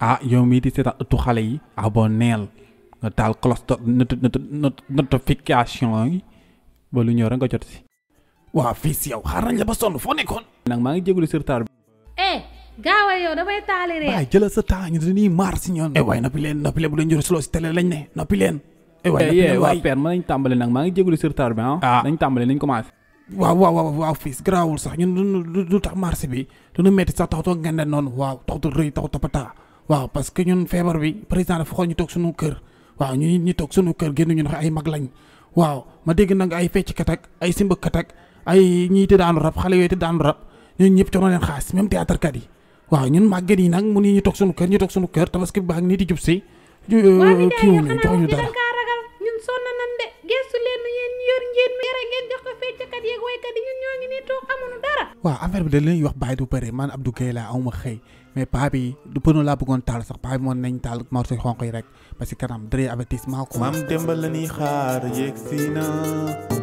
ah yow mii di seetaan ëttu xale yi aboneel nga taal cloche notification yi ba lu ñëw rek nga jot si waa fii si yow xaar nañ la ba sonn foo nekkoon nag maa ngi jégalu sur retard bi eh sa temps ñu dañuy maar si ñoon eh, noppi leen noppi leen bu leen jur solo si télé lañ ne noppi leen eh waaye eh, eh, waa tàmbale nag maa ngi jégalu sur retard bi ah, ah. tàmbale nañ commencé waaw waaw sax ñun du tax bi du nu metti sax tax toog ngeen noonu waaw tax du rëy tax tapata waaw parce que ñun feebar bi président dafa xool ñu toog suñu kër waaw ñu ñu toog suñu kër génn ñu ay mag lañ waaw ma dégg nag ay fecckat ak ay simbakat ak ay ñiy xale yooyu te daanu ñëpp coono leen xaalis même théâtre kat yi waaw ñun màgget yi nag mu ni ñu toog suñu kër ñu toog suñu kër tabaski bi baax nii di jub si euh, kii wu ñu jox ñu dara ñun sonn nañ de gestu ñu yor njéen mi yore ngeen jox ko fecckat yeeg yi ñun ñoo ngi nii toog amuñu waaw affaire bi da leen wax baay du bëre man Abdou Guèye laa xëy mais paa du pëno laa bëggoon taal sax paa bi moom taal morso xonq rek parce que kanam dëree avertissement ko maam Demba la xaar yegg